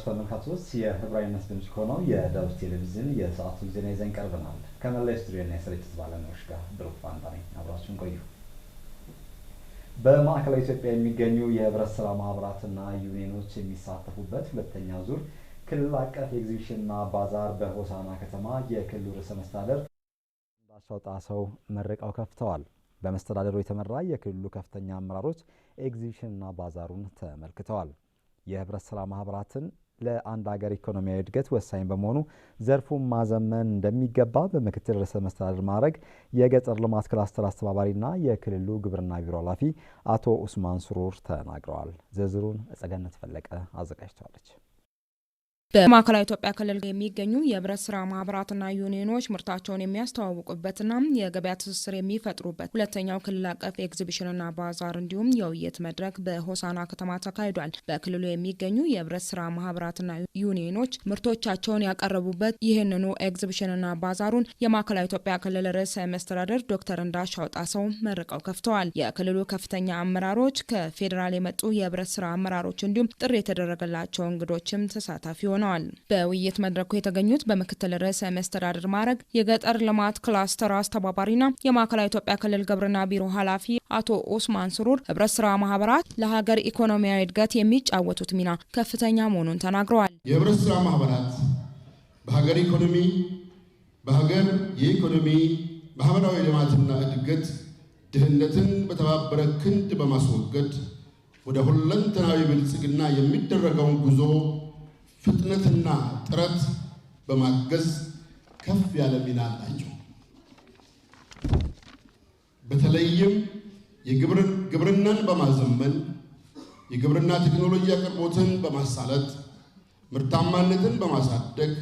የተከበራችሁ ተመልካቾች የህብራዊነት ድምጽ ከሆነው የደቡብ ቴሌቪዥን የሰዓቱ ዜና ይዘን ቀርበናል። ከመላ ስቱዲዮና የስርጭት ባለሙያዎች ጋር ብሩክ ፋንታ ነኝ። አብራችሁን ቆዩ። በማዕከላዊ ኢትዮጵያ የሚገኙ የህብረት ስራ ማህበራትና ዩኒየኖች የሚሳተፉበት ሁለተኛ ዙር ክልል አቀፍ ኤግዚቢሽንና ባዛር በሆሳና ከተማ የክልሉ ርዕሰ መስተዳደር እንዳሻው ጣሰው መርቀው ከፍተዋል። በመስተዳደሩ የተመራ የክልሉ ከፍተኛ አመራሮች ኤግዚቢሽንና ባዛሩን ተመልክተዋል። የህብረት ስራ ማህበራትን ለአንድ ሀገር ኢኮኖሚያዊ እድገት ወሳኝ በመሆኑ ዘርፉን ማዘመን እንደሚገባ በምክትል ርዕሰ መስተዳድር ማዕረግ የገጠር ልማት ክላስተር አስተባባሪና የክልሉ ግብርና ቢሮ ኃላፊ አቶ ኡስማን ስሩር ተናግረዋል። ዝርዝሩን እጸገነት ፈለቀ አዘጋጅተዋለች። በማዕከላዊ ኢትዮጵያ ክልል የሚገኙ የህብረት ስራ ማህበራትና ዩኒዮኖች ምርታቸውን የሚያስተዋውቁበትና የገበያ ትስስር የሚፈጥሩበት ሁለተኛው ክልል አቀፍ ኤግዚቢሽንና ባዛር እንዲሁም የውይይት መድረክ በሆሳና ከተማ ተካሂዷል። በክልሉ የሚገኙ የህብረት ስራ ማህበራትና ዩኒዮኖች ምርቶቻቸውን ያቀረቡበት ይህንኑ ኤግዚቢሽንና ባዛሩን የማዕከላዊ ኢትዮጵያ ክልል ርዕሰ መስተዳደር ዶክተር እንዳሻው ጣሰው መርቀው ከፍተዋል። የክልሉ ከፍተኛ አመራሮች፣ ከፌዴራል የመጡ የህብረት ስራ አመራሮች እንዲሁም ጥሪ የተደረገላቸው እንግዶችም ተሳታፊ ሆነ ሆነዋል። በውይይት መድረኩ የተገኙት በምክትል ርዕሰ መስተዳድር ማዕረግ የገጠር ልማት ክላስተር አስተባባሪና የማዕከላዊ ኢትዮጵያ ክልል ግብርና ቢሮ ኃላፊ አቶ ኦስማን ስሩር ህብረት ስራ ማህበራት ለሀገር ኢኮኖሚያዊ እድገት የሚጫወቱት ሚና ከፍተኛ መሆኑን ተናግረዋል። የህብረት ስራ ማህበራት በሀገር ኢኮኖሚ በሀገር የኢኮኖሚ ማህበራዊ ልማትና እድገት ድህነትን በተባበረ ክንድ በማስወገድ ወደ ሁለንተናዊ ብልጽግና የሚደረገውን ጉዞ ፍጥነትና ጥረት በማገዝ ከፍ ያለ ሚና አላቸው። በተለይም ግብርናን በማዘመን የግብርና ቴክኖሎጂ አቅርቦትን በማሳለጥ ምርታማነትን በማሳደግ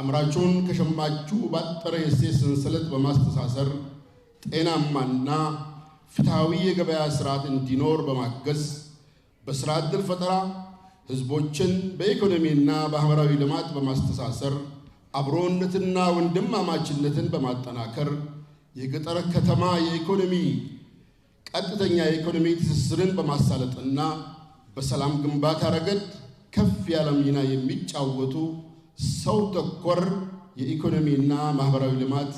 አምራቾን ከሸማቹ ባጠረ የእሴት ሰንሰለት በማስተሳሰር ጤናማና ፍትሐዊ የገበያ ስርዓት እንዲኖር በማገዝ በስራ ዕድል ፈጠራ ህዝቦችን በኢኮኖሚና በማህበራዊ ልማት በማስተሳሰር አብሮነትና ወንድማማችነትን በማጠናከር የገጠር ከተማ የኢኮኖሚ ቀጥተኛ የኢኮኖሚ ትስስርን በማሳለጥና በሰላም ግንባታ ረገድ ከፍ ያለ ሚና የሚጫወቱ ሰው ተኮር የኢኮኖሚና ማህበራዊ ልማት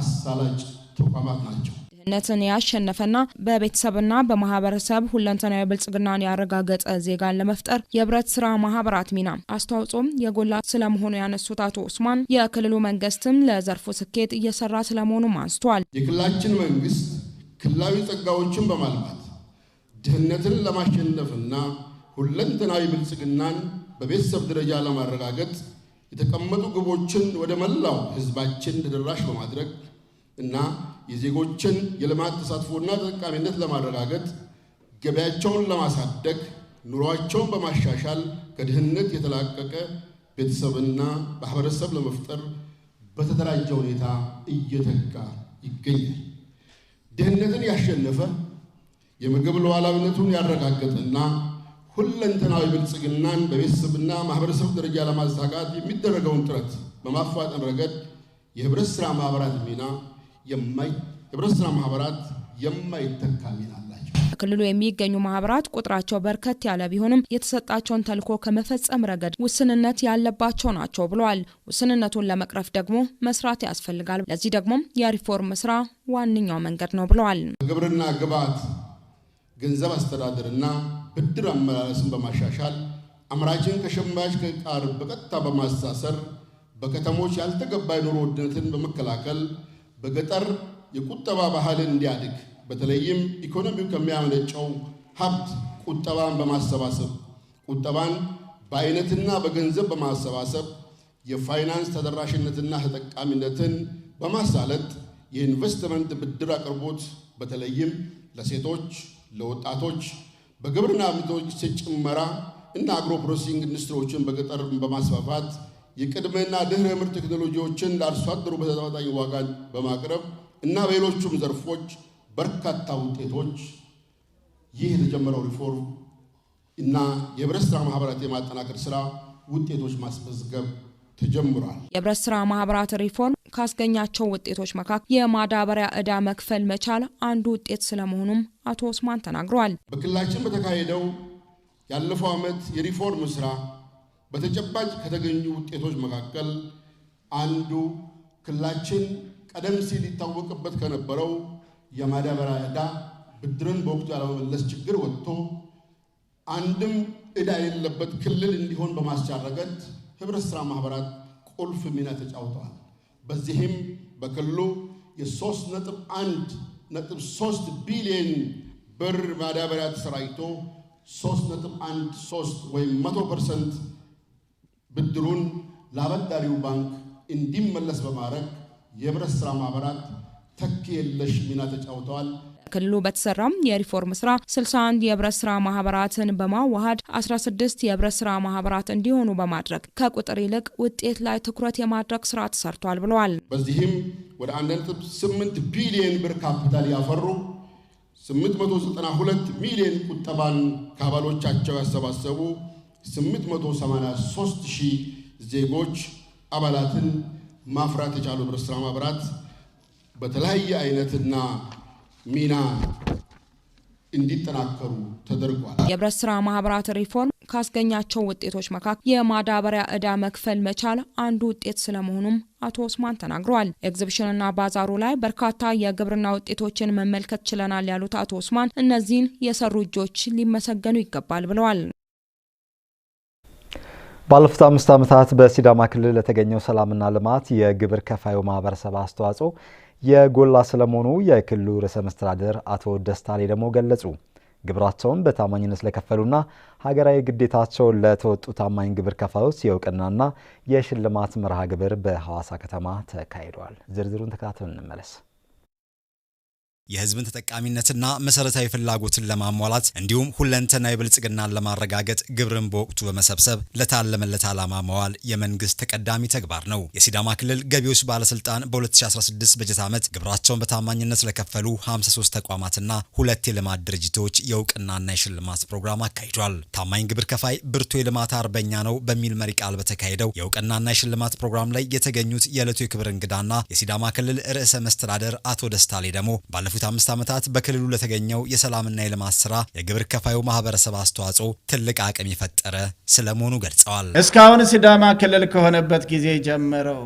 አሳላጭ ተቋማት ናቸው። ድህነትን ያሸነፈና በቤተሰብና በማህበረሰብ ሁለንተናዊ ብልጽግናን ያረጋገጠ ዜጋን ለመፍጠር የህብረት ስራ ማህበራት ሚና አስተዋጽኦም የጎላ ስለመሆኑ ያነሱት አቶ ኡስማን የክልሉ መንግስትም ለዘርፉ ስኬት እየሰራ ስለመሆኑም አንስተዋል። የክልላችን መንግስት ክልላዊ ጸጋዎችን በማልማት ድህነትን ለማሸነፍና ሁለንተናዊ ብልጽግናን በቤተሰብ ደረጃ ለማረጋገጥ የተቀመጡ ግቦችን ወደ መላው ህዝባችን ተደራሽ በማድረግ እና የዜጎችን የልማት ተሳትፎና ተጠቃሚነት ለማረጋገጥ ገበያቸውን ለማሳደግ ኑሯቸውን በማሻሻል ከድህነት የተላቀቀ ቤተሰብና ማህበረሰብ ለመፍጠር በተደራጀ ሁኔታ እየተጋ ይገኛል። ድህነትን ያሸነፈ የምግብ ሉዓላዊነቱን ያረጋገጠና ሁለንተናዊ ብልጽግናን በቤተሰብና ማህበረሰብ ደረጃ ለማሳካት የሚደረገውን ጥረት በማፋጠን ረገድ የህብረት ሥራ ማኅበራት ሚና የማይ ስራ ማህበራት የማይተካ ሚና አላቸው። የሚገኙ ማህበራት ቁጥራቸው በርከት ያለ ቢሆንም የተሰጣቸውን ተልዕኮ ከመፈጸም ረገድ ውስንነት ያለባቸው ናቸው ብለዋል። ውስንነቱን ለመቅረፍ ደግሞ መስራት ያስፈልጋል። ለዚህ ደግሞም የሪፎርም ስራ ዋነኛው መንገድ ነው ብለዋል። ግብርና ግብዓት፣ ገንዘብ አስተዳደርና ብድር አመላለስን በማሻሻል አምራችን ከሸማች ጋር በቀጥታ በማስተሳሰር በከተሞች ያልተገባ የኑሮ ውድነትን በመከላከል በገጠር የቁጠባ ባህልን እንዲያድግ በተለይም ኢኮኖሚው ከሚያመነጨው ሀብት ቁጠባን በማሰባሰብ ቁጠባን በአይነትና በገንዘብ በማሰባሰብ የፋይናንስ ተደራሽነትና ተጠቃሚነትን በማሳለጥ የኢንቨስትመንት ብድር አቅርቦት በተለይም ለሴቶች፣ ለወጣቶች በግብርና ምርቶች ጭመራ እና አግሮ ፕሮሴሲንግ ኢንዱስትሪዎችን በገጠር በማስፋፋት የቅድመና ድህረ ምርት ቴክኖሎጂዎችን ለአርሶ አደሩ በተመጣጣኝ ዋጋ በማቅረብ እና በሌሎቹም ዘርፎች በርካታ ውጤቶች ይህ የተጀመረው ሪፎርም እና የህብረት ስራ ማህበራት የማጠናከር ስራ ውጤቶች ማስመዝገብ ተጀምሯል። የህብረት ስራ ማህበራት ሪፎርም ካስገኛቸው ውጤቶች መካከል የማዳበሪያ ዕዳ መክፈል መቻል አንዱ ውጤት ስለመሆኑም አቶ ኦስማን ተናግረዋል። በክልላችን በተካሄደው ያለፈው ዓመት የሪፎርም ስራ በተጨባጭ ከተገኙ ውጤቶች መካከል አንዱ ክልላችን ቀደም ሲል ሊታወቅበት ከነበረው የማዳበሪያ ዕዳ ብድርን በወቅቱ ያለመመለስ ችግር ወጥቶ አንድም ዕዳ የሌለበት ክልል እንዲሆን በማስቻል ረገድ ህብረት ሥራ ማኅበራት ቁልፍ ሚና ተጫውተዋል። በዚህም በክልሉ የሶስት ነጥብ አንድ ነጥብ ሶስት ቢሊዮን ብር ማዳበሪያ ተሰራጭቶ ሶስት ነጥብ አንድ ሶስት ወይም መቶ ፐርሰንት ብድሩን ለአበዳሪው ባንክ እንዲመለስ በማድረግ የህብረት ስራ ማህበራት ተኪ የለሽ ሚና ተጫውተዋል። ክልሉ በተሰራም የሪፎርም ስራ 61 የህብረት ስራ ማህበራትን በማዋሃድ 16 የህብረት ስራ ማህበራት እንዲሆኑ በማድረግ ከቁጥር ይልቅ ውጤት ላይ ትኩረት የማድረግ ስራ ተሰርቷል ብለዋል። በዚህም ወደ 1.8 ቢሊዮን ብር ካፒታል ያፈሩ 892 ሚሊዮን ቁጠባን ከአባሎቻቸው ያሰባሰቡ 883 ሺህ ዜጎች አባላትን ማፍራት የቻሉ ህብረት ስራ ማህበራት በተለያየ አይነትና ሚና እንዲጠናከሩ ተደርጓል። የህብረት ስራ ማህበራት ሪፎርም ካስገኛቸው ውጤቶች መካከል የማዳበሪያ ዕዳ መክፈል መቻል አንዱ ውጤት ስለመሆኑም አቶ ኡስማን ተናግረዋል። ኤግዚቢሽንና ባዛሩ ላይ በርካታ የግብርና ውጤቶችን መመልከት ችለናል ያሉት አቶ ኡስማን እነዚህን የሰሩ እጆች ሊመሰገኑ ይገባል ብለዋል። ባለፉት አምስት ዓመታት በሲዳማ ክልል ለተገኘው ሰላምና ልማት የግብር ከፋዩ ማህበረሰብ አስተዋጽኦ የጎላ ስለመሆኑ የክልሉ ርዕሰ መስተዳደር አቶ ደስታ ሌዳሞ ገለጹ። ግብራቸውን በታማኝነት ለከፈሉና ሀገራዊ ግዴታቸውን ለተወጡ ታማኝ ግብር ከፋዮች የእውቅናና የሽልማት መርሃ ግብር በሐዋሳ ከተማ ተካሂዷል። ዝርዝሩን ተከታተል እንመለስ። የህዝብን ተጠቃሚነትና መሰረታዊ ፍላጎትን ለማሟላት እንዲሁም ሁለንተናዊ ብልጽግናን ለማረጋገጥ ግብርን በወቅቱ በመሰብሰብ ለታለመለት ዓላማ መዋል የመንግስት ተቀዳሚ ተግባር ነው። የሲዳማ ክልል ገቢዎች ባለስልጣን በ2016 በጀት ዓመት ግብራቸውን በታማኝነት ለከፈሉ 53 ተቋማትና ሁለት የልማት ድርጅቶች የእውቅናና የሽልማት ፕሮግራም አካሂዷል። ታማኝ ግብር ከፋይ ብርቱ የልማት አርበኛ ነው በሚል መሪ ቃል በተካሄደው የእውቅናና የሽልማት ፕሮግራም ላይ የተገኙት የዕለቱ የክብር እንግዳና የሲዳማ ክልል ርዕሰ መስተዳደር አቶ ደስታ ደግሞ ባለፉት ባለፉት አምስት ዓመታት በክልሉ ለተገኘው የሰላምና የልማት ስራ የግብር ከፋዩ ማህበረሰብ አስተዋጽኦ ትልቅ አቅም የፈጠረ ስለመሆኑ ገልጸዋል። እስካሁን ሲዳማ ክልል ከሆነበት ጊዜ ጀምረው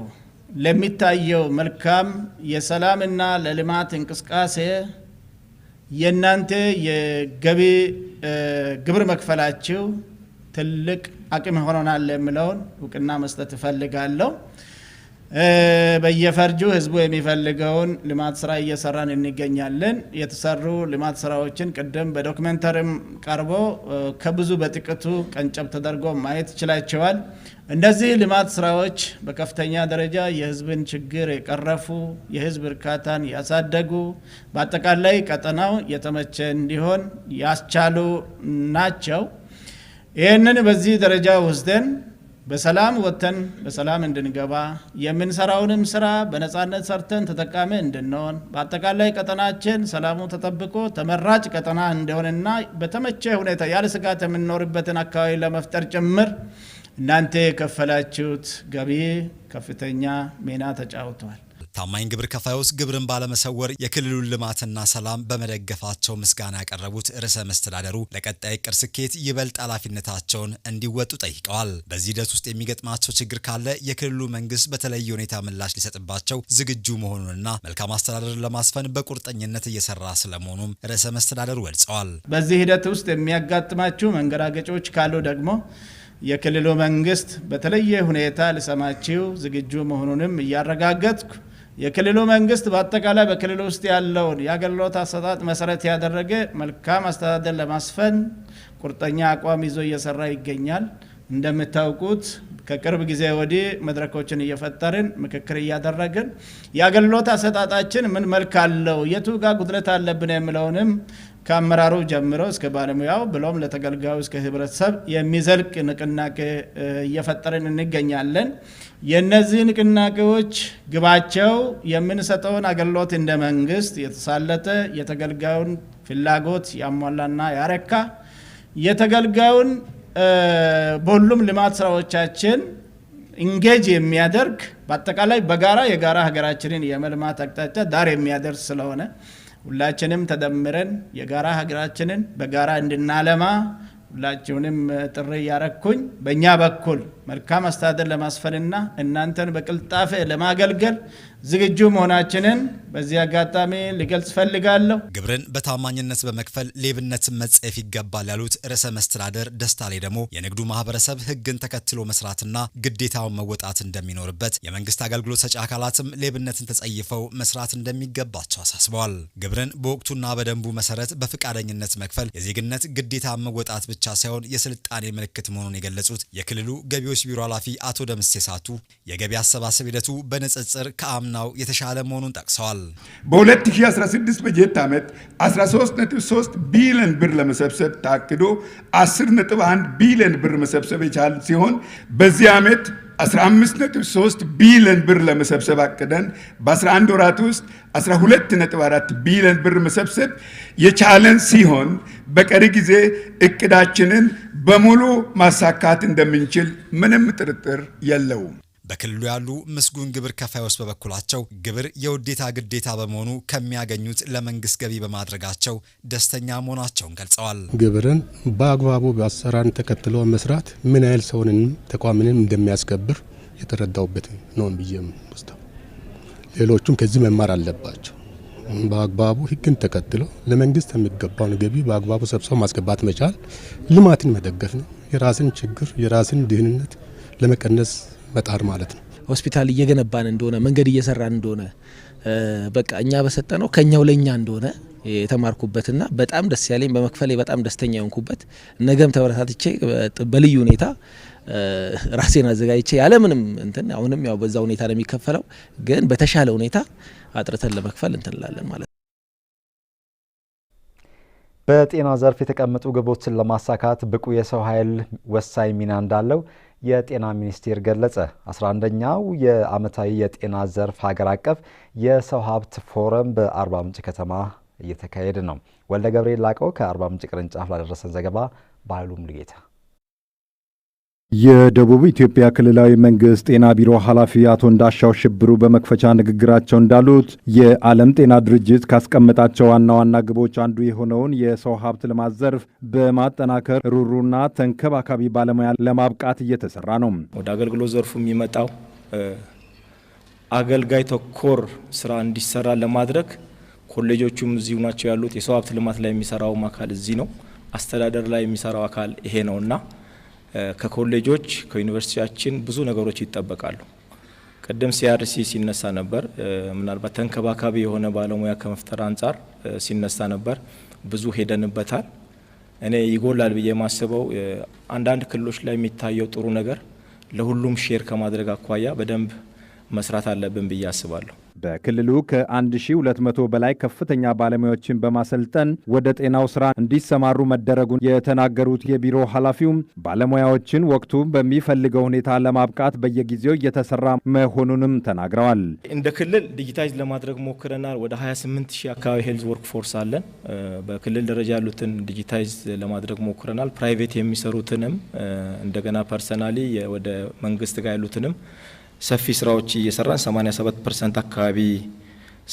ለሚታየው መልካም የሰላምና ለልማት እንቅስቃሴ የእናንተ የገቢ ግብር መክፈላችሁ ትልቅ አቅም ሆኖናል የምለውን እውቅና መስጠት እፈልጋለሁ። በየፈርጁ ህዝቡ የሚፈልገውን ልማት ስራ እየሰራን እንገኛለን። የተሰሩ ልማት ስራዎችን ቅድም በዶክመንተሪም ቀርቦ ከብዙ በጥቂቱ ቀንጨብ ተደርጎ ማየት ይችላቸዋል። እነዚህ ልማት ስራዎች በከፍተኛ ደረጃ የህዝብን ችግር የቀረፉ፣ የህዝብ እርካታን ያሳደጉ፣ በአጠቃላይ ቀጠናው የተመቸ እንዲሆን ያስቻሉ ናቸው። ይህንን በዚህ ደረጃ ወስደን በሰላም ወጥተን በሰላም እንድንገባ የምንሰራውንም ስራ በነፃነት ሰርተን ተጠቃሚ እንድንሆን በአጠቃላይ ቀጠናችን ሰላሙ ተጠብቆ ተመራጭ ቀጠና እንደሆነና በተመቸ ሁኔታ ያለ ስጋት የምንኖርበትን አካባቢ ለመፍጠር ጭምር እናንተ የከፈላችሁት ገቢ ከፍተኛ ሚና ተጫውተዋል። ታማኝ ግብር ከፋዮች ግብርን ባለመሰወር የክልሉን ልማትና ሰላም በመደገፋቸው ምስጋና ያቀረቡት ርዕሰ መስተዳደሩ ለቀጣይ ቅር ስኬት ይበልጥ ኃላፊነታቸውን እንዲወጡ ጠይቀዋል። በዚህ ሂደት ውስጥ የሚገጥማቸው ችግር ካለ የክልሉ መንግስት በተለየ ሁኔታ ምላሽ ሊሰጥባቸው ዝግጁ መሆኑንና መልካም አስተዳደርን ለማስፈን በቁርጠኝነት እየሰራ ስለመሆኑም ርዕሰ መስተዳደሩ ገልጸዋል። በዚህ ሂደት ውስጥ የሚያጋጥማችሁ መንገራገጮች ካሉ ደግሞ የክልሉ መንግስት በተለየ ሁኔታ ልሰማችሁ ዝግጁ መሆኑንም እያረጋገጥኩ የክልሉ መንግስት በአጠቃላይ በክልሉ ውስጥ ያለውን የአገልግሎት አሰጣጥ መሰረት ያደረገ መልካም አስተዳደር ለማስፈን ቁርጠኛ አቋም ይዞ እየሰራ ይገኛል። እንደምታውቁት ከቅርብ ጊዜ ወዲህ መድረኮችን እየፈጠርን ምክክር እያደረግን የአገልግሎት አሰጣጣችን ምን መልክ አለው፣ የቱ ጋር ጉድለት አለብን የሚለውንም ከአመራሩ ጀምሮ እስከ ባለሙያው ብሎም ለተገልጋዩ እስከ ህብረተሰብ የሚዘልቅ ንቅናቄ እየፈጠርን እንገኛለን። የእነዚህ ንቅናቄዎች ግባቸው የምንሰጠውን አገልግሎት እንደ መንግስት የተሳለጠ የተገልጋዩን ፍላጎት ያሟላና ያረካ የተገልጋዩን በሁሉም ልማት ስራዎቻችን እንጌጅ የሚያደርግ በአጠቃላይ በጋራ የጋራ ሀገራችንን የመልማት አቅጣጫ ዳር የሚያደርስ ስለሆነ ሁላችንም ተደምረን የጋራ ሀገራችንን በጋራ እንድናለማ ሁላችሁንም ጥሪ እያረግኩኝ በእኛ በኩል መልካም አስተዳደር ለማስፈንና እናንተን በቅልጣፌ ለማገልገል ዝግጁ መሆናችንን በዚህ አጋጣሚ ልገልጽ ፈልጋለሁ። ግብርን በታማኝነት በመክፈል ሌብነትን መጸየፍ ይገባል ያሉት ርዕሰ መስተዳደር ደስታ ላይ ደግሞ የንግዱ ማህበረሰብ ህግን ተከትሎ መስራትና ግዴታውን መወጣት እንደሚኖርበት፣ የመንግስት አገልግሎት ሰጪ አካላትም ሌብነትን ተጸይፈው መስራት እንደሚገባቸው አሳስበዋል። ግብርን በወቅቱና በደንቡ መሰረት በፈቃደኝነት መክፈል የዜግነት ግዴታ መወጣት ብቻ ሳይሆን የስልጣኔ ምልክት መሆኑን የገለጹት የክልሉ ገቢዎች ቢሮ ኃላፊ አቶ ደምሴ ሳቱ የገቢ አሰባሰብ ሂደቱ በንጽጽር ከአምና ዋናው የተሻለ መሆኑን ጠቅሰዋል። በ2016 በጀት ዓመት 13.3 ቢሊዮን ብር ለመሰብሰብ ታቅዶ 10.1 ቢሊዮን ብር መሰብሰብ የቻል ሲሆን በዚህ ዓመት 15.3 ቢሊዮን ብር ለመሰብሰብ አቅደን በ11 ወራት ውስጥ 12.4 ቢሊዮን ብር መሰብሰብ የቻለን ሲሆን በቀሪ ጊዜ እቅዳችንን በሙሉ ማሳካት እንደምንችል ምንም ጥርጥር የለውም። በክልሉ ያሉ ምስጉን ግብር ከፋዮች በበኩላቸው ግብር የውዴታ ግዴታ በመሆኑ ከሚያገኙት ለመንግስት ገቢ በማድረጋቸው ደስተኛ መሆናቸውን ገልጸዋል። ግብርን በአግባቡ በአሰራርን ተከትሎ መስራት ምን ያህል ሰውንንም ተቋምንም እንደሚያስከብር የተረዳውበት ነውን ብዬ ውስጠው ሌሎቹም ከዚህ መማር አለባቸው። በአግባቡ ህግን ተከትሎ ለመንግስት የሚገባውን ገቢ በአግባቡ ሰብሰው ማስገባት መቻል ልማትን መደገፍ ነው። የራስን ችግር የራስን ድህንነት ለመቀነስ መጣር ማለት ነው። ሆስፒታል እየገነባን እንደሆነ መንገድ እየሰራን እንደሆነ በቃ እኛ በሰጠነው ከኛው ለኛ እንደሆነ የተማርኩበትና በጣም ደስ ያለኝ በመክፈሌ በጣም ደስተኛ የሆንኩበት ነገም ተበረታትቼ በልዩ ሁኔታ ራሴን አዘጋጅቼ ያለምንም እንትን አሁንም ያው በዛ ሁኔታ ነው የሚከፈለው፣ ግን በተሻለ ሁኔታ አጥርተን ለመክፈል እንትንላለን ማለት ነው። በጤና ዘርፍ የተቀመጡ ግቦችን ለማሳካት ብቁ የሰው ኃይል ወሳኝ ሚና እንዳለው የጤና ሚኒስቴር ገለጸ። 11ኛው የዓመታዊ የጤና ዘርፍ ሀገር አቀፍ የሰው ሀብት ፎረም በአርባ ምንጭ ከተማ እየተካሄደ ነው። ወልደ ገብርኤል ላቀው ከአርባ ምንጭ ቅርንጫፍ ላደረሰን ዘገባ ባህሉም ልጌታ የደቡብ ኢትዮጵያ ክልላዊ መንግስት ጤና ቢሮ ኃላፊ አቶ እንዳሻው ሽብሩ በመክፈቻ ንግግራቸው እንዳሉት የዓለም ጤና ድርጅት ካስቀመጣቸው ዋና ዋና ግቦች አንዱ የሆነውን የሰው ሀብት ልማት ዘርፍ በማጠናከር ሩሩና ተንከባካቢ ባለሙያ ለማብቃት እየተሰራ ነው። ወደ አገልግሎት ዘርፉ የሚመጣው አገልጋይ ተኮር ስራ እንዲሰራ ለማድረግ ኮሌጆቹም እዚሁ ናቸው ያሉት። የሰው ሀብት ልማት ላይ የሚሰራውም አካል እዚህ ነው። አስተዳደር ላይ የሚሰራው አካል ይሄ ነውና ከኮሌጆች ከዩኒቨርሲቲያችን ብዙ ነገሮች ይጠበቃሉ። ቅድም ሲአርሲ ሲነሳ ነበር። ምናልባት ተንከባካቢ የሆነ ባለሙያ ከመፍጠር አንጻር ሲነሳ ነበር። ብዙ ሄደንበታል። እኔ ይጎላል ብዬ የማስበው አንዳንድ ክልሎች ላይ የሚታየው ጥሩ ነገር ለሁሉም ሼር ከማድረግ አኳያ በደንብ መስራት አለብን ብዬ አስባለሁ። በክልሉ ከ1200 በላይ ከፍተኛ ባለሙያዎችን በማሰልጠን ወደ ጤናው ስራ እንዲሰማሩ መደረጉን የተናገሩት የቢሮ ኃላፊውም ባለሙያዎችን ወቅቱ በሚፈልገው ሁኔታ ለማብቃት በየጊዜው እየተሰራ መሆኑንም ተናግረዋል። እንደ ክልል ዲጂታይዝ ለማድረግ ሞክረናል። ወደ 28 ሺህ አካባቢ ሄልዝ ወርክ ፎርስ አለን። በክልል ደረጃ ያሉትን ዲጂታይዝ ለማድረግ ሞክረናል። ፕራይቬት የሚሰሩትንም እንደገና ፐርሰናሊ ወደ መንግስት ጋር ያሉትንም ሰፊ ስራዎች እየሰራን 87 ፐርሰንት አካባቢ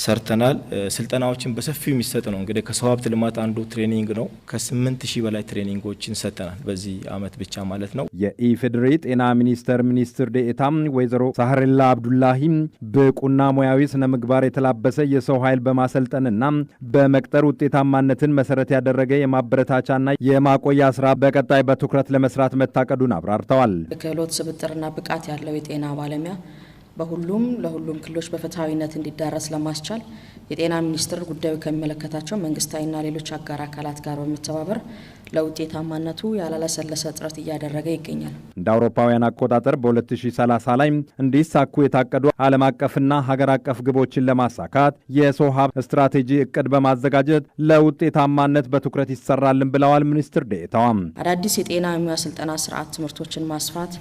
ሰርተናል። ስልጠናዎችን በሰፊው የሚሰጥ ነው። እንግዲህ ከሰው ሀብት ልማት አንዱ ትሬኒንግ ነው። ከስምንት ሺህ በላይ ትሬኒንጎችን ሰጠናል በዚህ አመት ብቻ ማለት ነው። የኢፌዴሪ ጤና ሚኒስቴር ሚኒስትር ዴኤታ ወይዘሮ ሳህርላ አብዱላሂ ብቁና ሙያዊ ስነ ምግባር የተላበሰ የሰው ኃይል በማሰልጠንና በመቅጠር ውጤታማነትን መሰረት ያደረገ የማበረታቻና የማቆያ ስራ በቀጣይ በትኩረት ለመስራት መታቀዱን አብራርተዋል። ክህሎት ስብጥርና ብቃት ያለው የጤና ባለሙያ በሁሉም ለሁሉም ክልሎች በፍትሐዊነት እንዲዳረስ ለማስቻል የጤና ሚኒስቴር ጉዳዩ ከሚመለከታቸው መንግስታዊና ሌሎች አጋር አካላት ጋር በመተባበር ለውጤታማነቱ ያላለሰለሰ ጥረት እያደረገ ይገኛል። እንደ አውሮፓውያን አቆጣጠር በ2030 ላይ እንዲሳኩ የታቀዱ ዓለም አቀፍና ሀገር አቀፍ ግቦችን ለማሳካት የሰው ሀብት ስትራቴጂ እቅድ በማዘጋጀት ለውጤታማነት በትኩረት ይሰራልን ብለዋል ሚኒስትር ዴኤታዋ። አዳዲስ የጤና ሙያ ስልጠና ስርዓት ትምህርቶችን ማስፋት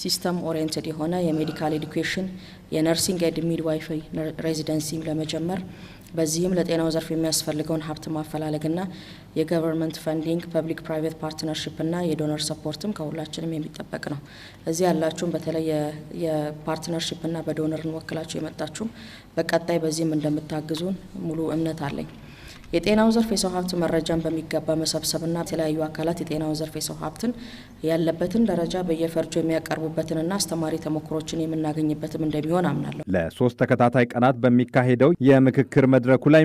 ሲስተም ኦሪየንትድ የሆነ የሜዲካል ኤዱኬሽን የነርሲንግ ኤድ ሚድዋይፍ ሬዚደንሲም ለመጀመር በዚህም ለጤናው ዘርፍ የሚያስፈልገውን ሀብት ማፈላለግና የገቨርንመንት ፈንዲንግ ፐብሊክ ፕራይቬት ፓርትነርሽፕና የዶነር ሰፖርትም ከሁላችንም የሚጠበቅ ነው። እዚህ ያላችሁም በተለይ የፓርትነርሽፕና በዶነር እንወክላችሁ የመጣችሁም በቀጣይ በዚህም እንደምታግዙን ሙሉ እምነት አለኝ። የጤናው ዘርፍ የሰው ሀብት መረጃን በሚገባ መሰብሰብና የተለያዩ አካላት የጤናውን ዘርፍ የሰው ሀብትን ያለበትን ደረጃ በየፈርጁ የሚያቀርቡበትንና አስተማሪ ተሞክሮችን የምናገኝበትም እንደሚሆን አምናለሁ። ለሶስት ተከታታይ ቀናት በሚካሄደው የምክክር መድረኩ ላይ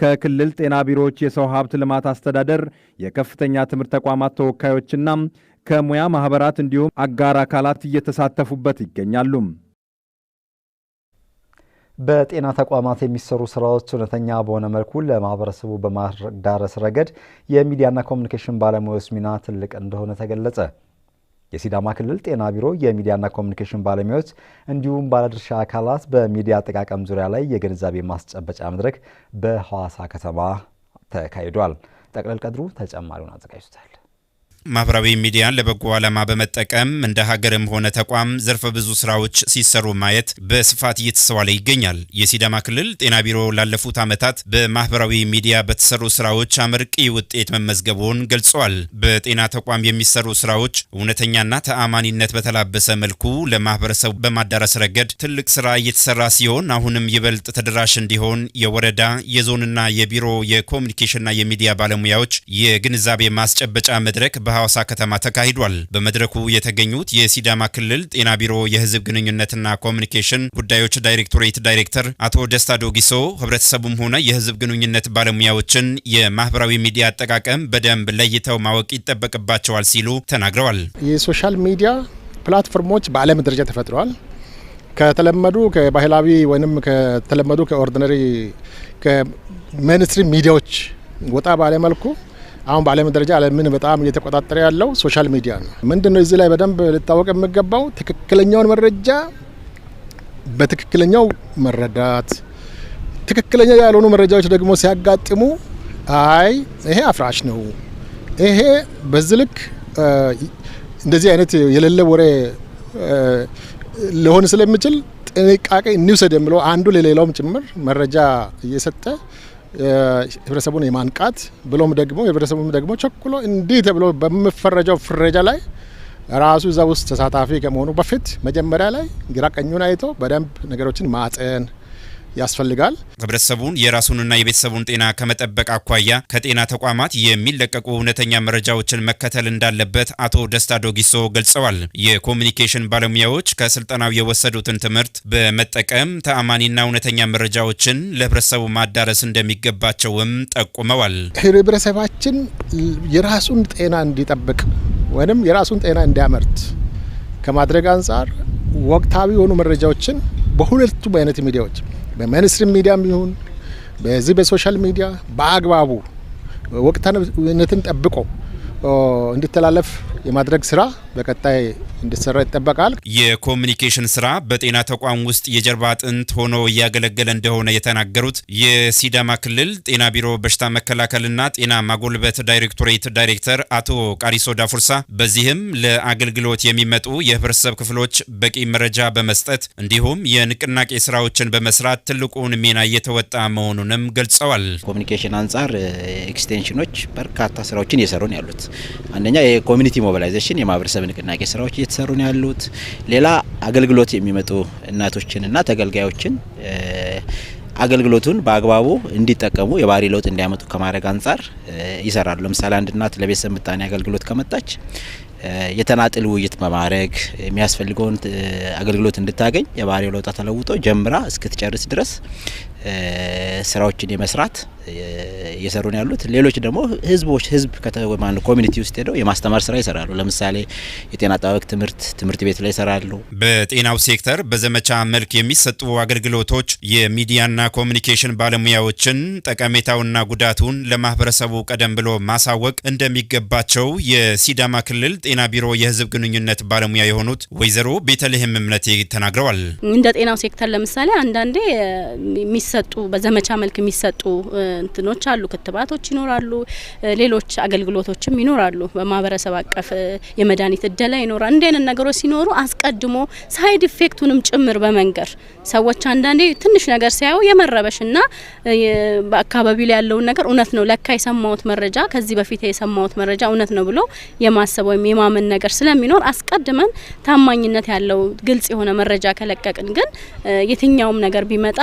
ከክልል ጤና ቢሮዎች የሰው ሀብት ልማት አስተዳደር፣ የከፍተኛ ትምህርት ተቋማት ተወካዮችና ከሙያ ማህበራት እንዲሁም አጋር አካላት እየተሳተፉበት ይገኛሉ። በጤና ተቋማት የሚሰሩ ስራዎች እውነተኛ በሆነ መልኩ ለማህበረሰቡ በማዳረስ ረገድ የሚዲያና ኮሚኒኬሽን ባለሙያዎች ሚና ትልቅ እንደሆነ ተገለጸ። የሲዳማ ክልል ጤና ቢሮ የሚዲያና ኮሚኒኬሽን ባለሙያዎች እንዲሁም ባለድርሻ አካላት በሚዲያ አጠቃቀም ዙሪያ ላይ የግንዛቤ ማስጨበጫ መድረክ በሐዋሳ ከተማ ተካሂዷል። ጠቅለል ቀድሩ ተጨማሪውን አዘጋጅቷል። ማህበራዊ ሚዲያን ለበጎ ዓላማ በመጠቀም እንደ ሀገርም ሆነ ተቋም ዘርፈ ብዙ ስራዎች ሲሰሩ ማየት በስፋት እየተሰዋለ ይገኛል። የሲዳማ ክልል ጤና ቢሮ ላለፉት ዓመታት በማህበራዊ ሚዲያ በተሰሩ ስራዎች አመርቂ ውጤት መመዝገቡን ገልጸዋል። በጤና ተቋም የሚሰሩ ስራዎች እውነተኛና ተአማኒነት በተላበሰ መልኩ ለማህበረሰቡ በማዳረስ ረገድ ትልቅ ስራ እየተሰራ ሲሆን አሁንም ይበልጥ ተደራሽ እንዲሆን የወረዳ የዞንና የቢሮ የኮሚኒኬሽንና የሚዲያ ባለሙያዎች የግንዛቤ ማስጨበጫ መድረክ በሐዋሳ ከተማ ተካሂዷል። በመድረኩ የተገኙት የሲዳማ ክልል ጤና ቢሮ የህዝብ ግንኙነትና ኮሚኒኬሽን ጉዳዮች ዳይሬክቶሬት ዳይሬክተር አቶ ደስታ ዶጊሶ ህብረተሰቡም ሆነ የህዝብ ግንኙነት ባለሙያዎችን የማህበራዊ ሚዲያ አጠቃቀም በደንብ ለይተው ማወቅ ይጠበቅባቸዋል ሲሉ ተናግረዋል። የሶሻል ሚዲያ ፕላትፎርሞች በዓለም ደረጃ ተፈጥረዋል። ከተለመዱ ከባህላዊ ወይም ከተለመዱ ከኦርዲነሪ ከሜንስትሪም ሚዲያዎች ወጣ ባለ መልኩ አሁን በዓለም ደረጃ ዓለምን በጣም እየተቆጣጠረ ያለው ሶሻል ሚዲያ ነው። ምንድን ነው እዚህ ላይ በደንብ ልታወቅ የሚገባው ትክክለኛውን መረጃ በትክክለኛው መረዳት፣ ትክክለኛ ያልሆኑ መረጃዎች ደግሞ ሲያጋጥሙ አይ ይሄ አፍራሽ ነው፣ ይሄ በዚህ ልክ እንደዚህ አይነት የሌለ ወሬ ሊሆን ስለሚችል ጥንቃቄ እንውሰድ የሚለው አንዱ ለሌላውም ጭምር መረጃ እየሰጠ ህብረተሰቡን የማንቃት ብሎም ደግሞ የህብረተሰቡም ደግሞ ቸኩሎ እንዲህ ተብሎ በምፈረጀው ፍረጃ ላይ ራሱ እዛ ውስጥ ተሳታፊ ከመሆኑ በፊት መጀመሪያ ላይ ግራቀኙን አይቶ በደንብ ነገሮችን ማጠን። ያስፈልጋል። ህብረተሰቡን የራሱንና የቤተሰቡን ጤና ከመጠበቅ አኳያ ከጤና ተቋማት የሚለቀቁ እውነተኛ መረጃዎችን መከተል እንዳለበት አቶ ደስታ ዶጊሶ ገልጸዋል። የኮሚኒኬሽን ባለሙያዎች ከስልጠናው የወሰዱትን ትምህርት በመጠቀም ተአማኒና እውነተኛ መረጃዎችን ለህብረተሰቡ ማዳረስ እንደሚገባቸውም ጠቁመዋል። ህብረተሰባችን የራሱን ጤና እንዲጠብቅ ወይም የራሱን ጤና እንዲያመርት ከማድረግ አንጻር ወቅታዊ የሆኑ መረጃዎችን በሁለቱም አይነት ሚዲያዎች በሜንስትሪም ሚዲያም ይሁን በዚህ በሶሻል ሚዲያ በአግባቡ ወቅታዊነትን ጠብቆ እንዲተላለፍ የማድረግ ስራ በቀጣይ እንዲሰራ ይጠበቃል። የኮሚኒኬሽን ስራ በጤና ተቋም ውስጥ የጀርባ አጥንት ሆኖ እያገለገለ እንደሆነ የተናገሩት የሲዳማ ክልል ጤና ቢሮ በሽታ መከላከልና ጤና ማጎልበት ዳይሬክቶሬት ዳይሬክተር አቶ ቃሪሶ ዳፉርሳ በዚህም ለአገልግሎት የሚመጡ የህብረተሰብ ክፍሎች በቂ መረጃ በመስጠት እንዲሁም የንቅናቄ ስራዎችን በመስራት ትልቁን ሚና እየተወጣ መሆኑንም ገልጸዋል። ኮሚኒኬሽን አንጻር ኤክስቴንሽኖች በርካታ ስራዎችን እየሰሩ ነው ያሉት። አንደኛ የኮሚኒቲ ሞቢላይዜሽን የማህበረሰብ የቤተሰብ ንቅናቄ ስራዎች እየተሰሩ ነው ያሉት። ሌላ አገልግሎት የሚመጡ እናቶችንና ተገልጋዮችን አገልግሎቱን በአግባቡ እንዲጠቀሙ የባህሪ ለውጥ እንዲያመጡ ከማድረግ አንጻር ይሰራሉ። ለምሳሌ አንድ እናት ለቤተሰብ ምጣኔ አገልግሎት ከመጣች የተናጥል ውይይት በማድረግ የሚያስፈልገውን አገልግሎት እንድታገኝ የባህሪ ለውጣ ተለውጦ ጀምራ እስክትጨርስ ድረስ ስራዎችን የመስራት እየሰሩን ያሉት ሌሎች ደግሞ ህዝቦች ህዝብ ኮሚኒቲ ውስጥ ሄደው የማስተማር ስራ ይሰራሉ። ለምሳሌ የጤና አጠባበቅ ትምህርት ትምህርት ቤት ላይ ይሰራሉ። በጤናው ሴክተር በዘመቻ መልክ የሚሰጡ አገልግሎቶች የሚዲያና ኮሚኒኬሽን ባለሙያዎችን ጠቀሜታውና ጉዳቱን ለማህበረሰቡ ቀደም ብሎ ማሳወቅ እንደሚገባቸው የሲዳማ ክልል ጤና ቢሮ የህዝብ ግንኙነት ባለሙያ የሆኑት ወይዘሮ ቤተልሔም እምነቴ ተናግረዋል። እንደ ጤናው ሴክተር ለምሳሌ አንዳንዴ የሚሰጡ በዘመቻ መልክ የሚሰጡ እንትኖች አሉ። ክትባቶች ይኖራሉ፣ ሌሎች አገልግሎቶችም ይኖራሉ። በማህበረሰብ አቀፍ የመድኃኒት እደላ ይኖራል። እንዲህ አይነት ነገሮች ሲኖሩ አስቀድሞ ሳይድ ኢፌክቱንም ጭምር በመንገር ሰዎች አንዳንዴ ትንሽ ነገር ሲያዩ የመረበሽና በአካባቢው ላይ ያለውን ነገር እውነት ነው ለካ የሰማሁት መረጃ ከዚህ በፊት የሰማሁት መረጃ እውነት ነው ብሎ የማሰብ ወይም የማመን ነገር ስለሚኖር አስቀድመን ታማኝነት ያለው ግልጽ የሆነ መረጃ ከለቀቅን ግን የትኛውም ነገር ቢመጣ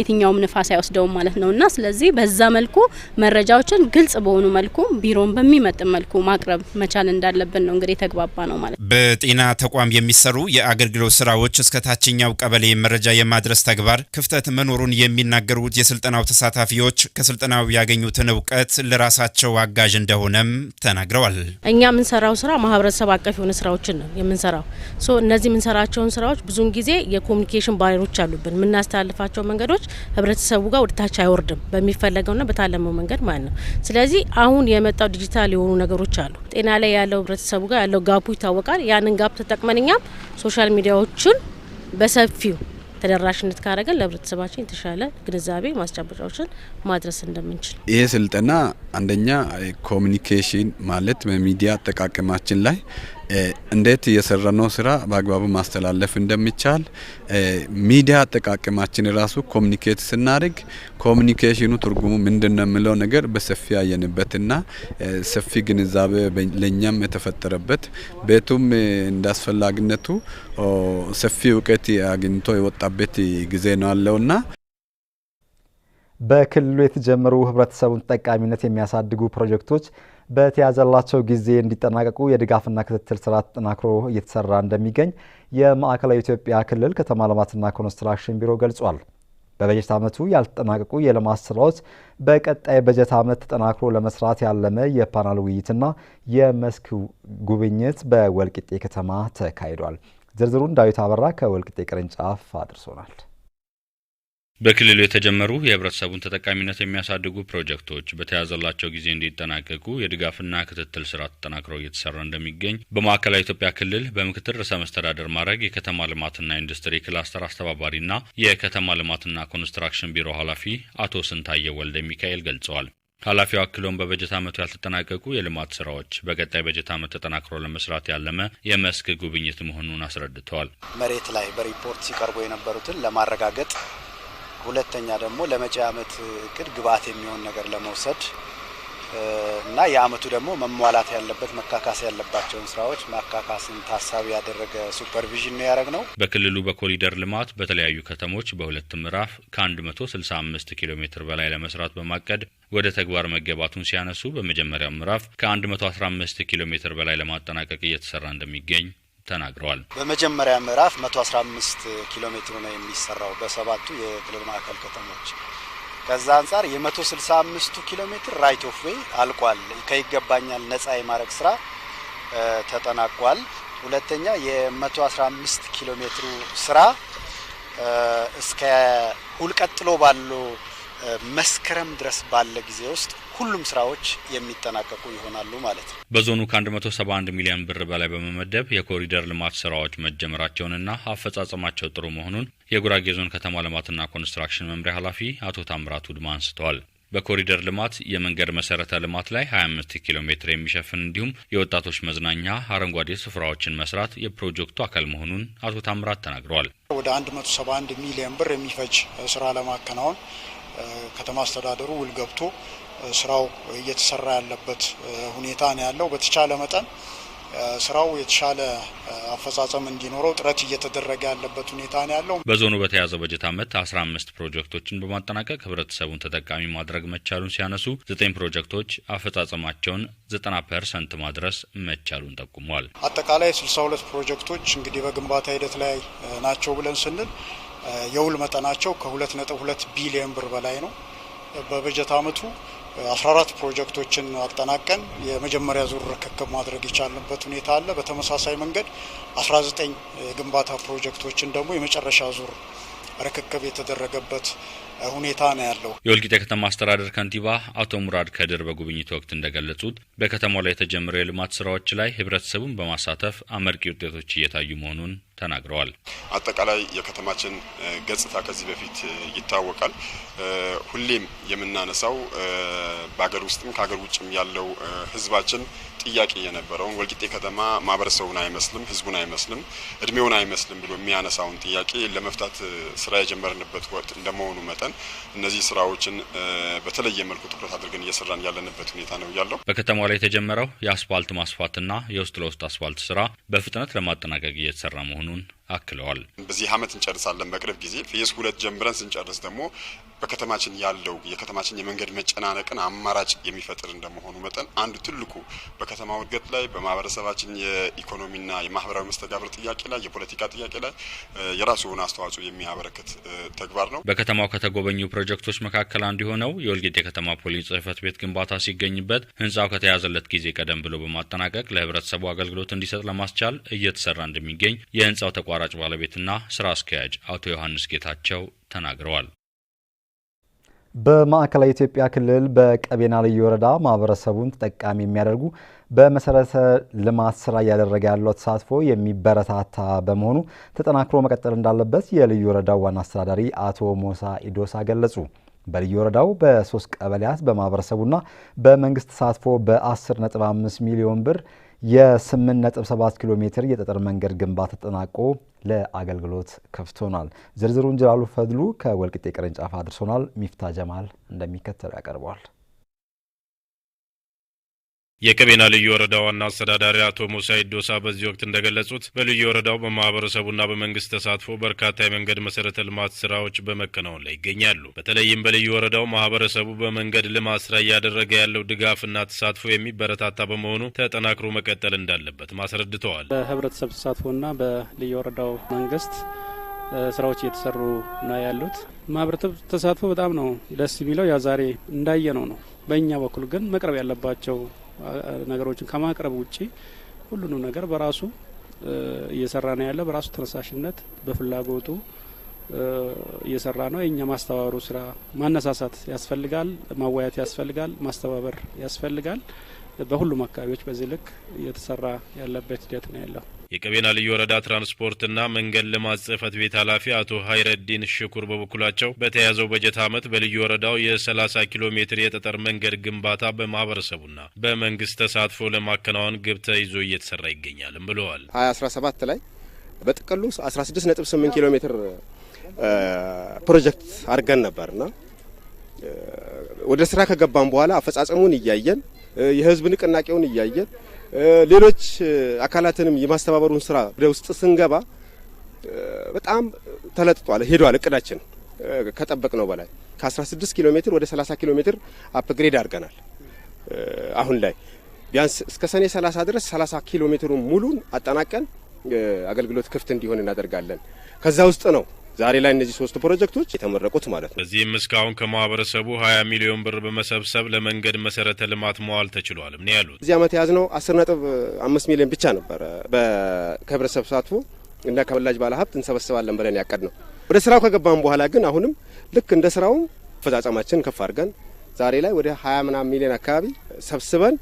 የትኛው ሌላውም ንፋስ አይወስደውም ማለት ነው እና ስለዚህ በዛ መልኩ መረጃዎችን ግልጽ በሆኑ መልኩ ቢሮን በሚመጥን መልኩ ማቅረብ መቻል እንዳለብን ነው እንግዲህ የተግባባ ነው ማለት። በጤና ተቋም የሚሰሩ የአገልግሎት ስራዎች እስከ ታችኛው ቀበሌ መረጃ የማድረስ ተግባር ክፍተት መኖሩን የሚናገሩት የስልጠናው ተሳታፊዎች ከስልጠናው ያገኙትን እውቀት ለራሳቸው አጋዥ እንደሆነም ተናግረዋል። እኛ የምንሰራው ስራ ማህበረሰብ አቀፍ የሆነ ስራዎችን ነው የምንሰራው። እነዚህ የምንሰራቸውን ስራዎች ብዙውን ጊዜ የኮሚኒኬሽን ባሪሮች አሉብን። የምናስተላልፋቸው መንገዶች ህብረተሰቡ ጋር ወደታች አይወርድም በሚፈለገውና በታለመው መንገድ ማለት ነው። ስለዚህ አሁን የመጣው ዲጂታል የሆኑ ነገሮች አሉ። ጤና ላይ ያለው ህብረተሰቡ ጋር ያለው ጋፑ ይታወቃል። ያንን ጋፕ ተጠቅመን እኛም ሶሻል ሚዲያዎችን በሰፊው ተደራሽነት ካደረገን ለህብረተሰባችን የተሻለ ግንዛቤ ማስጨበጫዎችን ማድረስ እንደምንችል ይሄ ስልጠና አንደኛ ኮሚኒኬሽን ማለት በሚዲያ አጠቃቀማችን ላይ እንዴት የሰራነው ስራ በአግባቡ ማስተላለፍ እንደሚቻል ሚዲያ አጠቃቀማችን ራሱ ኮሚኒኬት ስናደርግ ኮሚኒኬሽኑ ትርጉሙ ምንድን ነው የሚለው ነገር በሰፊ ያየንበትና ሰፊ ግንዛቤ ለእኛም የተፈጠረበት ቤቱም እንዳስፈላጊነቱ ሰፊ እውቀት አግኝቶ የወጣበት ጊዜ ነው ያለውና በክልሉ የተጀመሩ ህብረተሰቡን ተጠቃሚነት የሚያሳድጉ ፕሮጀክቶች በተያዘላቸው ጊዜ እንዲጠናቀቁ የድጋፍና ክትትል ስራ ተጠናክሮ እየተሰራ እንደሚገኝ የማዕከላዊ ኢትዮጵያ ክልል ከተማ ልማትና ኮንስትራክሽን ቢሮ ገልጿል። በበጀት ዓመቱ ያልተጠናቀቁ የልማት ስራዎች በቀጣይ በጀት ዓመት ተጠናክሮ ለመስራት ያለመ የፓናል ውይይትና የመስክ ጉብኝት በወልቂጤ ከተማ ተካሂዷል። ዝርዝሩን ዳዊት አበራ ከወልቂጤ ቅርንጫፍ አድርሶናል። በክልሉ የተጀመሩ የህብረተሰቡን ተጠቃሚነት የሚያሳድጉ ፕሮጀክቶች በተያዘላቸው ጊዜ እንዲጠናቀቁ የድጋፍና ክትትል ስራ ተጠናክሮ እየተሰራ እንደሚገኝ በማዕከላዊ ኢትዮጵያ ክልል በምክትል ርዕሰ መስተዳደር ማድረግ የከተማ ልማትና ኢንዱስትሪ ክላስተር አስተባባሪና የከተማ ልማትና ኮንስትራክሽን ቢሮ ኃላፊ አቶ ስንታየ ወልደ ሚካኤል ገልጸዋል። ኃላፊው አክሎም በበጀት ዓመቱ ያልተጠናቀቁ የልማት ስራዎች በቀጣይ በጀት ዓመት ተጠናክሮ ለመስራት ያለመ የመስክ ጉብኝት መሆኑን አስረድተዋል። መሬት ላይ በሪፖርት ሲቀርቡ የነበሩትን ለማረጋገጥ ሁለተኛ ደግሞ ለመጪው ዓመት እቅድ ግብዓት የሚሆን ነገር ለመውሰድ እና የአመቱ ደግሞ መሟላት ያለበት መካካስ ያለባቸውን ስራዎች ማካካስን ታሳቢ ያደረገ ሱፐርቪዥን ነው ያደረግ ነው። በክልሉ በኮሪደር ልማት በተለያዩ ከተሞች በሁለት ምዕራፍ ከ165 ኪሎ ሜትር በላይ ለመስራት በማቀድ ወደ ተግባር መገባቱን ሲያነሱ በመጀመሪያው ምዕራፍ ከ115 ኪሎ ሜትር በላይ ለማጠናቀቅ እየተሰራ እንደሚገኝ ተናግረዋል። በመጀመሪያ ምዕራፍ 115 ኪሎ ሜትሩ ነው የሚሰራው በሰባቱ የክልል ማዕከል ከተሞች። ከዛ አንጻር የ165ቱ ኪሎ ሜትር ራይት ኦፍ ዌይ አልቋል። ከይገባኛል ነጻ የማድረግ ስራ ተጠናቋል። ሁለተኛ የ115 ኪሎ ሜትሩ ስራ እስከ ሁል ቀጥሎ ባለው መስከረም ድረስ ባለ ጊዜ ውስጥ ሁሉም ስራዎች የሚጠናቀቁ ይሆናሉ ማለት ነው። በዞኑ ከ171 ሚሊዮን ብር በላይ በመመደብ የኮሪደር ልማት ስራዎች መጀመራቸውንና አፈጻጸማቸው ጥሩ መሆኑን የጉራጌ ዞን ከተማ ልማትና ኮንስትራክሽን መምሪያ ኃላፊ አቶ ታምራት ውድማ አንስተዋል። በኮሪደር ልማት የመንገድ መሰረተ ልማት ላይ 25 ኪሎ ሜትር የሚሸፍን እንዲሁም የወጣቶች መዝናኛ አረንጓዴ ስፍራዎችን መስራት የፕሮጀክቱ አካል መሆኑን አቶ ታምራት ተናግረዋል። ወደ 171 ሚሊዮን ብር የሚፈጅ ስራ ለማከናወን ከተማ አስተዳደሩ ውል ገብቶ ስራው እየተሰራ ያለበት ሁኔታ ነው ያለው። በተቻለ መጠን ስራው የተሻለ አፈጻጸም እንዲኖረው ጥረት እየተደረገ ያለበት ሁኔታ ነው ያለው። በዞኑ በተያዘው በጀት ዓመት አስራ አምስት ፕሮጀክቶችን በማጠናቀቅ ህብረተሰቡን ተጠቃሚ ማድረግ መቻሉን ሲያነሱ ዘጠኝ ፕሮጀክቶች አፈጻጸማቸውን ዘጠና ፐርሰንት ማድረስ መቻሉን ጠቁሟል። አጠቃላይ ስልሳ ሁለት ፕሮጀክቶች እንግዲህ በግንባታ ሂደት ላይ ናቸው ብለን ስንል የውል መጠናቸው ከሁለት ነጥብ ሁለት ቢሊዮን ብር በላይ ነው። በበጀት ዓመቱ 14 ፕሮጀክቶችን አጠናቀን የመጀመሪያ ዙር ርክክብ ማድረግ የቻልንበት ሁኔታ አለ። በተመሳሳይ መንገድ 19 የግንባታ ፕሮጀክቶችን ደግሞ የመጨረሻ ዙር ርክክብ የተደረገበት ሁኔታ ነው ያለው። የወልቂጤ ከተማ አስተዳደር ከንቲባ አቶ ሙራድ ከድር በጉብኝት ወቅት እንደገለጹት በከተማው ላይ የተጀመረው የልማት ስራዎች ላይ ህብረተሰቡን በማሳተፍ አመርቂ ውጤቶች እየታዩ መሆኑን ተናግረዋል። አጠቃላይ የከተማችን ገጽታ ከዚህ በፊት ይታወቃል። ሁሌም የምናነሳው በሀገር ውስጥም ከሀገር ውጭም ያለው ህዝባችን ጥያቄ የነበረውን ወልቂጤ ከተማ ማህበረሰቡን አይመስልም፣ ህዝቡን አይመስልም፣ እድሜውን አይመስልም ብሎ የሚያነሳውን ጥያቄ ለመፍታት ስራ የጀመርንበት ወቅት እንደመሆኑ መጠን እነዚህ ስራዎችን በተለየ መልኩ ትኩረት አድርገን እየሰራን ያለንበት ሁኔታ ነው ያለው። በከተማው ላይ የተጀመረው የአስፋልት ማስፋትና የውስጥ ለውስጥ አስፋልት ስራ በፍጥነት ለማጠናቀቅ እየተሰራ መሆኑ nun. አክለዋል። በዚህ አመት እንጨርሳለን። በቅርብ ጊዜ ፌዝ ሁለት ጀምረን ስንጨርስ ደግሞ በከተማችን ያለው የከተማችን የመንገድ መጨናነቅን አማራጭ የሚፈጥር እንደመሆኑ መጠን አንዱ ትልቁ በከተማው እድገት ላይ በማህበረሰባችን የኢኮኖሚና የማህበራዊ መስተጋብር ጥያቄ ላይ የፖለቲካ ጥያቄ ላይ የራሱ የሆነ አስተዋጽኦ የሚያበረክት ተግባር ነው። በከተማው ከተጎበኙ ፕሮጀክቶች መካከል አንዱ የሆነው የወልጌት የከተማ ፖሊስ ጽህፈት ቤት ግንባታ ሲገኝበት ህንፃው ከተያዘለት ጊዜ ቀደም ብሎ በማጠናቀቅ ለህብረተሰቡ አገልግሎት እንዲሰጥ ለማስቻል እየተሰራ እንደሚገኝ የህንፃው ተቋራ አማራጭ ባለቤትና ስራ አስኪያጅ አቶ ዮሐንስ ጌታቸው ተናግረዋል። በማዕከላዊ ኢትዮጵያ ክልል በቀቤና ልዩ ወረዳ ማህበረሰቡን ተጠቃሚ የሚያደርጉ በመሰረተ ልማት ስራ እያደረገ ያለው ተሳትፎ የሚበረታታ በመሆኑ ተጠናክሮ መቀጠል እንዳለበት የልዩ ወረዳው ዋና አስተዳዳሪ አቶ ሞሳ ኢዶሳ ገለጹ። በልዩ ወረዳው በሶስት ቀበሌያት በማህበረሰቡና በመንግስት ተሳትፎ በ10.5 ሚሊዮን ብር የ8.7 ኪሎ ሜትር የጠጠር መንገድ ግንባታ ተጠናቆ ለአገልግሎት ክፍት ሆኗል። ዝርዝሩን ጅላሉ ፈድሉ ከወልቂጤ ቅርንጫፍ አድርሶናል። ሚፍታ ጀማል እንደሚከተለው ያቀርበዋል። የቀቤና ልዩ ወረዳ ዋና አስተዳዳሪ አቶ ሙሳ ኢዶሳ በዚህ ወቅት እንደገለጹት በልዩ ወረዳው በማህበረሰቡና በመንግስት ተሳትፎ በርካታ የመንገድ መሰረተ ልማት ስራዎች በመከናወን ላይ ይገኛሉ። በተለይም በልዩ ወረዳው ማህበረሰቡ በመንገድ ልማት ስራ እያደረገ ያለው ድጋፍና ተሳትፎ የሚበረታታ በመሆኑ ተጠናክሮ መቀጠል እንዳለበት አስረድተዋል። በህብረተሰብ ተሳትፎና በልዩ ወረዳው መንግስት ስራዎች እየተሰሩ ነው ያሉት። ማህበረሰብ ተሳትፎ በጣም ነው ደስ የሚለው። ያ ዛሬ እንዳየ ነው ነው። በእኛ በኩል ግን መቅረብ ያለባቸው ነገሮችን ከማቅረብ ውጪ ሁሉንም ነገር በራሱ እየሰራ ነው ያለ በራሱ ተነሳሽነት በፍላጎቱ እየሰራ ነው። የእኛ ማስተባበሩ ስራ ማነሳሳት ያስፈልጋል፣ ማዋያት ያስፈልጋል፣ ማስተባበር ያስፈልጋል። በሁሉም አካባቢዎች በዚህ ልክ እየተሰራ ያለበት ሂደት ነው ያለው። የቀቤና ልዩ ወረዳ ትራንስፖርትና መንገድ ልማት ጽህፈት ቤት ኃላፊ አቶ ሀይረዲን ሽኩር በበኩላቸው በተያዘው በጀት ዓመት በልዩ ወረዳው የ30 ኪሎ ሜትር የጠጠር መንገድ ግንባታ በማህበረሰቡና በመንግስት ተሳትፎ ለማከናወን ግብ ተይዞ እየተሰራ ይገኛልም ብለዋል። 2017 ላይ በጥቅሉ 16.8 ኪሎ ሜትር ፕሮጀክት አድርገን ነበርና ወደ ስራ ከገባን በኋላ አፈጻጸሙን እያየን የህዝብ ንቅናቄውን እያየን ሌሎች አካላትንም የማስተባበሩን ስራ ወደ ውስጥ ስንገባ በጣም ተለጥጧል፣ ሄዷል። እቅዳችን ከጠበቅ ነው በላይ ከ16 ኪሎ ሜትር ወደ 30 ኪሎ ሜትር አፕግሬድ አድርገናል። አሁን ላይ ቢያንስ እስከ ሰኔ 30 ድረስ 30 ኪሎ ሜትሩን ሙሉን አጠናቀን አገልግሎት ክፍት እንዲሆን እናደርጋለን። ከዛ ውስጥ ነው ዛሬ ላይ እነዚህ ሶስት ፕሮጀክቶች የተመረቁት ማለት ነው። በዚህም እስካሁን ከማህበረሰቡ ሀያ ሚሊዮን ብር በመሰብሰብ ለመንገድ መሰረተ ልማት መዋል ተችሏል። ምን ያሉት እዚህ አመት የያዝነው አስር ነጥብ አምስት ሚሊዮን ብቻ ነበረ ከህብረተሰብ ተሳትፎ እና ከወላጅ ባለሀብት እንሰበስባለን ብለን ያቀድ ነው። ወደ ስራው ከገባም በኋላ ግን አሁንም ልክ እንደ ስራው አፈጻጸማችን ከፍ አድርገን ዛሬ ላይ ወደ ሀያ ምናምን ሚሊዮን አካባቢ ሰብስበን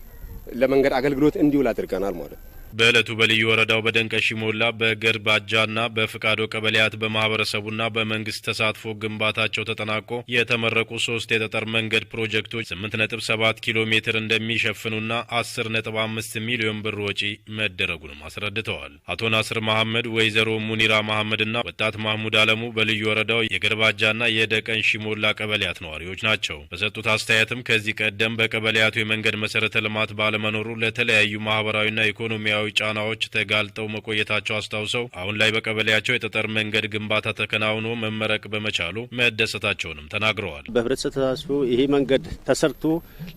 ለመንገድ አገልግሎት እንዲውል አድርገናል ማለት ነው። በዕለቱ በልዩ ወረዳው በደንቀሺ ሞላ በገርባጃና በፍቃዶ ቀበሌያት በማህበረሰቡና በመንግስት ተሳትፎ ግንባታቸው ተጠናቆ የተመረቁ ሶስት የጠጠር መንገድ ፕሮጀክቶች 8.7 ኪሎ ሜትር እንደሚሸፍኑና 10.5 ሚሊዮን ብር ወጪ መደረጉንም አስረድተዋል። አቶ ናስር መሐመድ፣ ወይዘሮ ሙኒራ መሐመድና ወጣት ማህሙድ አለሙ በልዩ ወረዳው የገርባጃና የደቀንሺ ሞላ ቀበሌያት ነዋሪዎች ናቸው። በሰጡት አስተያየትም ከዚህ ቀደም በቀበሌያቱ የመንገድ መሰረተ ልማት ባለመኖሩ ለተለያዩ ማህበራዊና ኢኮኖሚያዊ ኢኮኖሚያዊ ጫናዎች ተጋልጠው መቆየታቸው አስታውሰው አሁን ላይ በቀበሌያቸው የጠጠር መንገድ ግንባታ ተከናውኖ መመረቅ በመቻሉ መደሰታቸውንም ተናግረዋል። በህብረተሰብ ተሳስቦ ይሄ መንገድ ተሰርቶ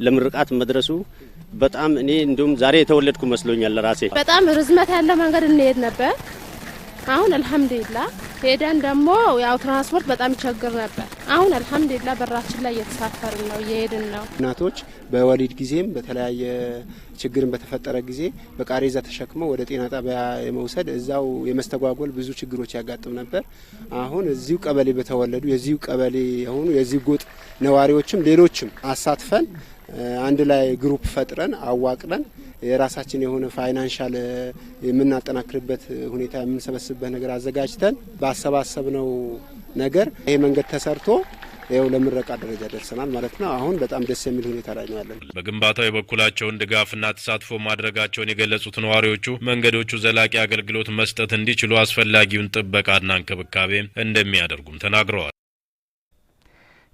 ለምርቃት መድረሱ በጣም እኔ እንዲሁም ዛሬ የተወለድኩ መስሎኛል። ራሴ በጣም ርዝመት ያለ መንገድ እንሄድ ነበር አሁን አልሐምዱሊላ ሄደን ደግሞ ያው ትራንስፖርት በጣም ይቸግር ነበር። አሁን አልሐምዱሊላ በራችን ላይ እየተሳፈርን ነው እየሄድን ነው። እናቶች በወሊድ ጊዜም በተለያየ ችግርን በተፈጠረ ጊዜ በቃሬዛ ተሸክመው ወደ ጤና ጣቢያ የመውሰድ እዛው የመስተጓጎል ብዙ ችግሮች ያጋጥም ነበር። አሁን እዚሁ ቀበሌ በተወለዱ የዚሁ ቀበሌ የሆኑ የዚሁ ጎጥ ነዋሪዎችም ሌሎችም አሳትፈን አንድ ላይ ግሩፕ ፈጥረን አዋቅረን የራሳችን የሆነ ፋይናንሻል የምናጠናክርበት ሁኔታ የምንሰበስብበት ነገር አዘጋጅተን ባሰባሰብነው ነገር ይሄ መንገድ ተሰርቶ ይኸው ለምረቃ ደረጃ ደርሰናል ማለት ነው። አሁን በጣም ደስ የሚል ሁኔታ ላይ ነው ያለን። በግንባታው የበኩላቸውን ድጋፍና ተሳትፎ ማድረጋቸውን የገለጹት ነዋሪዎቹ መንገዶቹ ዘላቂ አገልግሎት መስጠት እንዲችሉ አስፈላጊውን ጥበቃና እንክብካቤ እንደሚያደርጉም ተናግረዋል።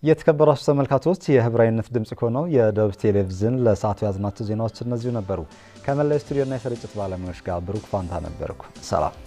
የተከበራችሁ ተመልካቾች የህብራዊነት ድምፅ ከሆነው የደቡብ ቴሌቪዥን ለሰዓቱ ያዝናቸው ዜናዎች እነዚሁ ነበሩ። ከመላይ ስቱዲዮና የስርጭት ባለሙያዎች ጋር ብሩክ ፋንታ ነበርኩ። ሰላም